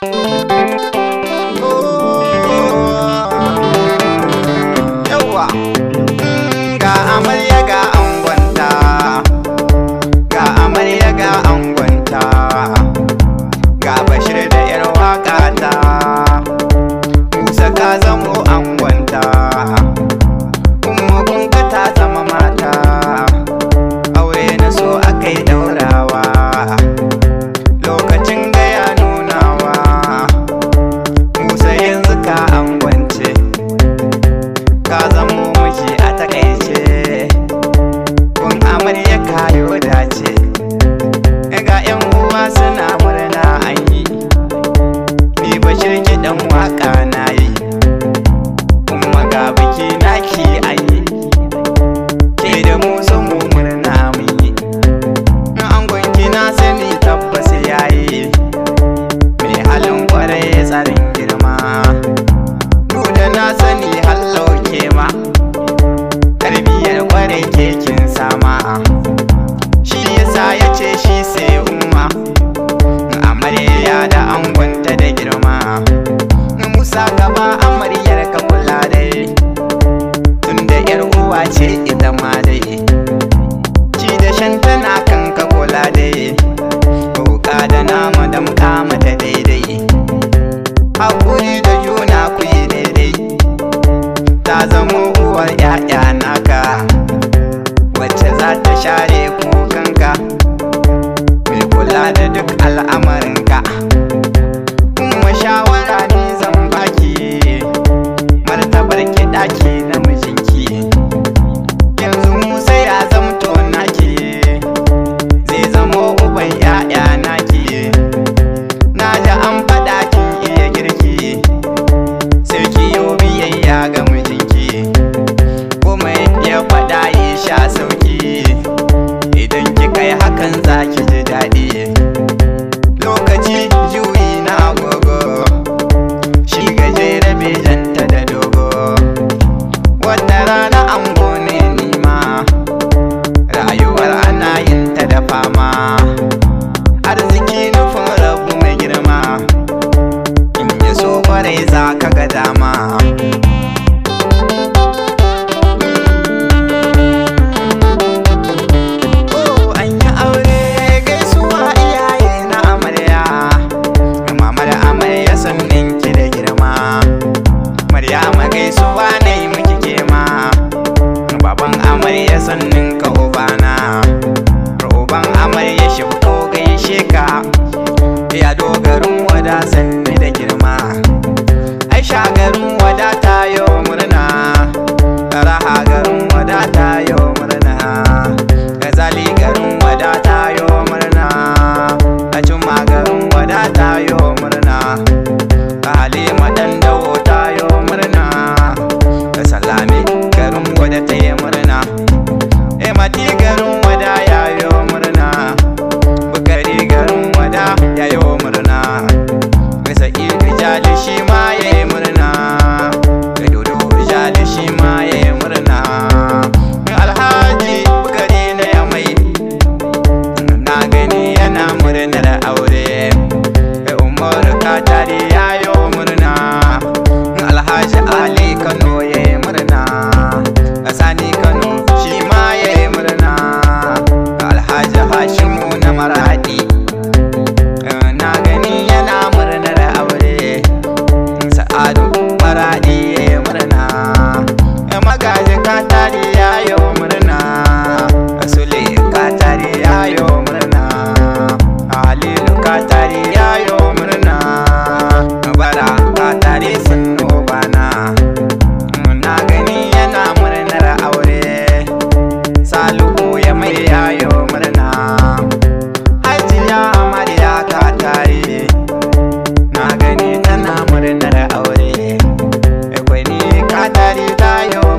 Música na yau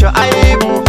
shu'aibu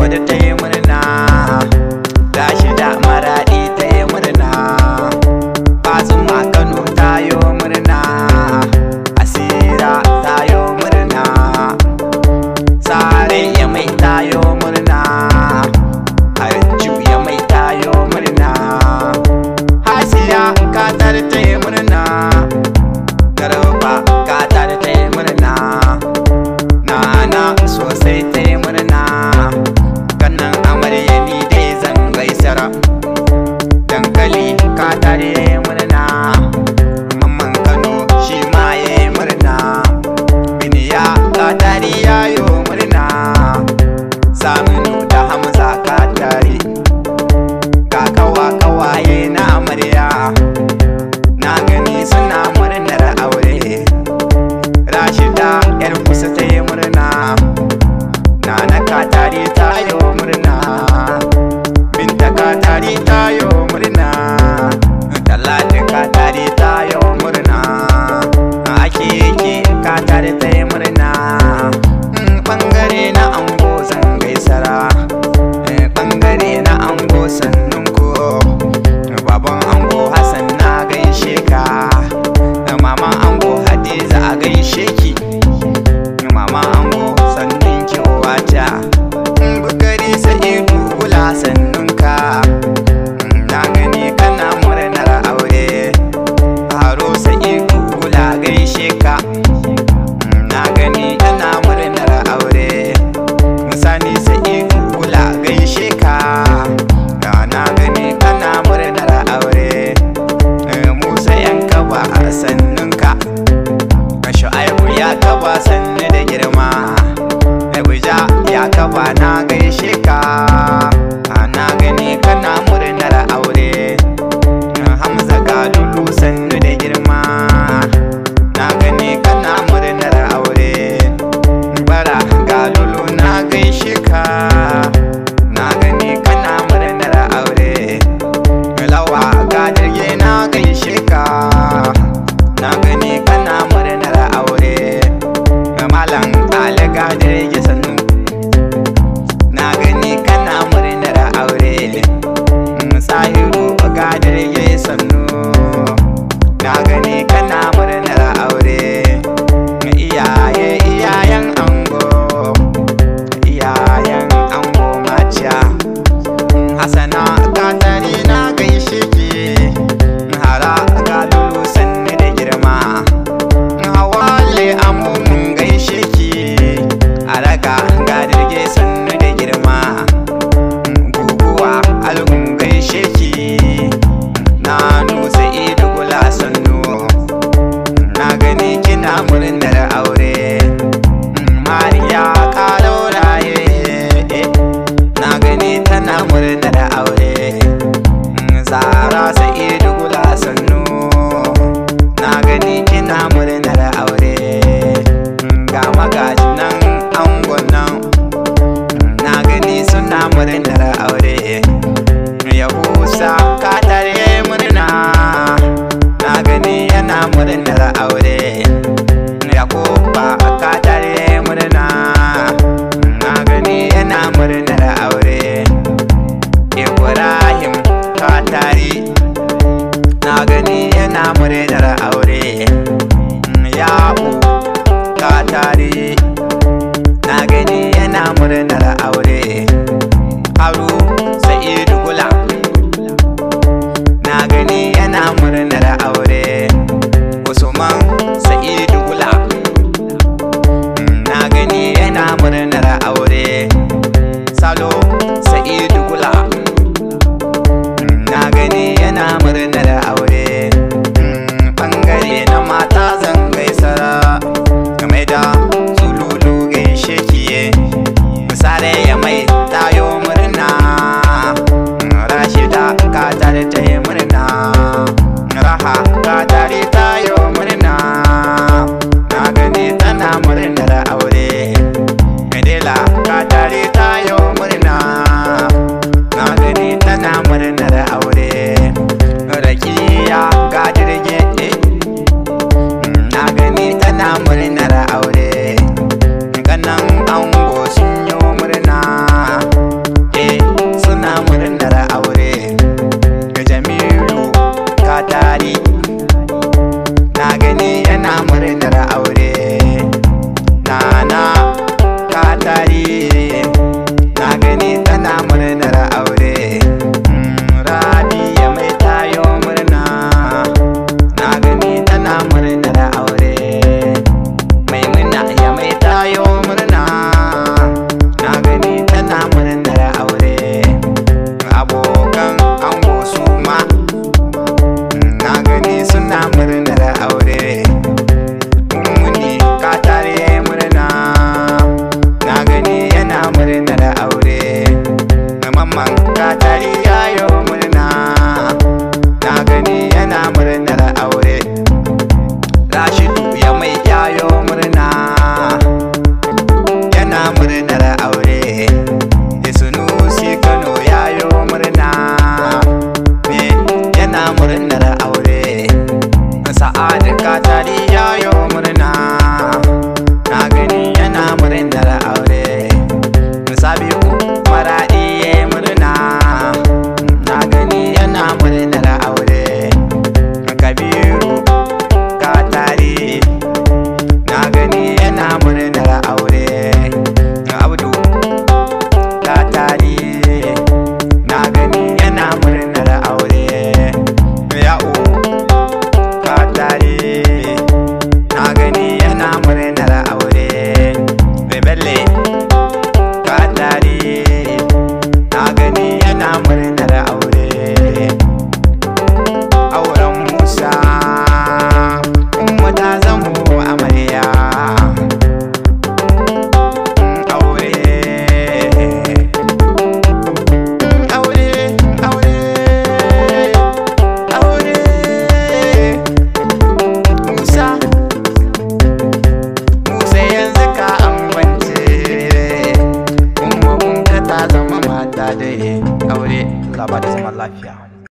wadda ta yi mana and I Thank you.